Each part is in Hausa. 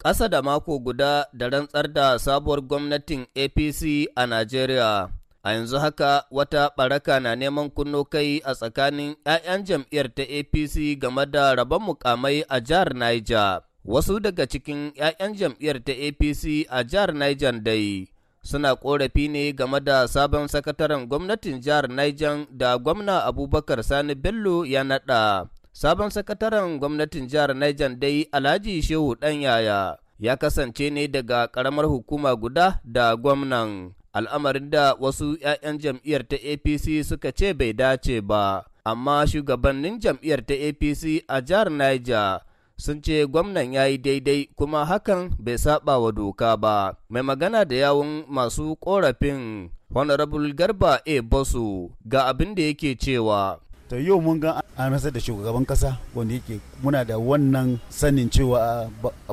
ƙasa da mako guda da rantsar da sabuwar gwamnatin APC a Najeriya. A yanzu haka wata ɓaraka na neman kunno kai a tsakanin 'ya'yan jam'iyyar ta APC game da rabon mukamai a jihar Niger. Wasu daga cikin 'ya'yan jam'iyyar ta APC a jihar Niger dai suna ƙorafi ne game da sabon sakataren gwamnatin jihar Niger da gwamna Abubakar Sani Bello ya naɗa. Sabon sakataren gwamnatin jihar Niger dai Alhaji Shehu Ɗanyaya ya kasance ne daga ƙaramar hukuma guda da gwamnan al'amarin da wasu 'ya'yan jam'iyyar ta APC suka ce bai dace ba, amma shugabannin jam'iyyar ta APC a jihar Niger sun ce gwamnan ya yi daidai kuma hakan bai saba wa doka ba. Mai magana da yawun masu ƙorafin Honorable Garba A. Bosu ga abin da yake cewa. to yau mun ga an rantsar da shugaban kasa wanda yake muna da wannan sanin cewa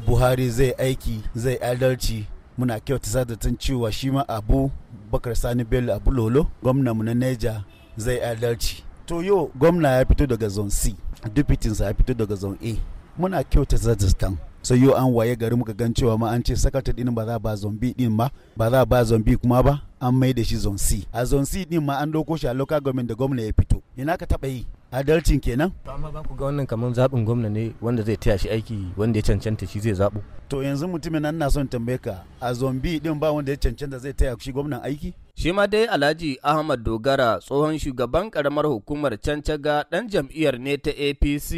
buhari zai aiki zai adalci muna kyauta tun cewa shi ma abu bakar sani bello abu lolo mu na neja zai adalci to yau gwamna ya fito daga zone c dupitinsa ya fito daga zone a muna kyauta zazzatan sai yau an waye gari muka gan cewa ma an ce sakata din ba za ba b din ba ba za ba b kuma ba an mai da shi zone c a zone c din ma an doko shi a local government da gwamna ya fito ina ka taɓa yi adalcin kenan to amma ba ku ga wannan kamar zaɓin gwamna ne wanda zai taya shi aiki wanda ya cancanta shi zai zaɓo to yanzu mutumin nan na son tambaye ka a zombi din ba wanda ya cancanta zai taya shi gwamnan aiki shi ma dai alhaji ahmad dogara tsohon shugaban karamar hukumar cancaga dan jam'iyyar ne ta apc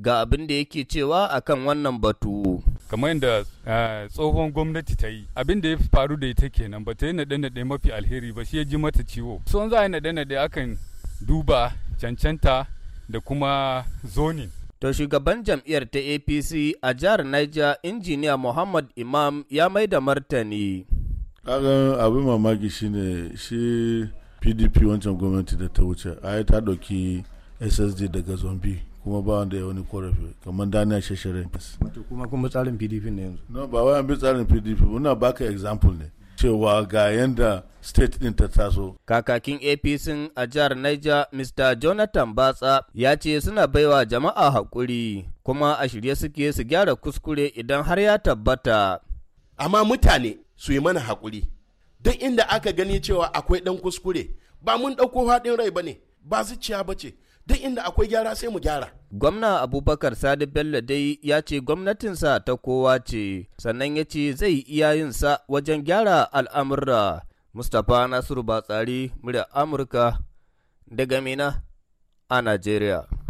ga abin da yake cewa akan wannan batu kamar yadda eh, tsohon gwamnati ta yi abin da ya faru da ita kenan ba ta yi naɗe-naɗe mafi alheri ba shi ya ji mata ciwo tsohon za a yi naɗe-naɗe akan duba cancanta da kuma zonin. To shugaban jam'iyyar ta APC a jihar Niger injiniya Muhammad Imam ya mai da martani. Kagan abin mamaki shine shi PDP wancan gwamnati da ta wuce a ta ɗauki SSD daga zombi kuma ba wanda ya wani korafi kamar daniel shashare kuma kuma tsarin pdp ne yanzu no ba wayan bi tsarin pdp muna baka example ne cewa ga yadda state din ta taso. Kakakin APC a jihar Niger, Mr. Jonathan Batsa ya ce suna baiwa jama'a hakuri kuma a shirye suke su gyara kuskure idan har ya tabbata. Amma mutane su yi mana hakuri Duk inda aka gani cewa akwai ɗan kuskure, ba mun ɗauko haɗin rai ba ne, ba zuciya ba ce, duk inda akwai gyara sai mu gyara. Gwamna Abubakar Sadi Bello dai ya ce gwamnatinsa ta kowa ce, sannan ya ce zai iya yin sa wajen gyara al'amurra. Mustapha Nasiru Batsari, murya Amurka, daga Mina a Najeriya.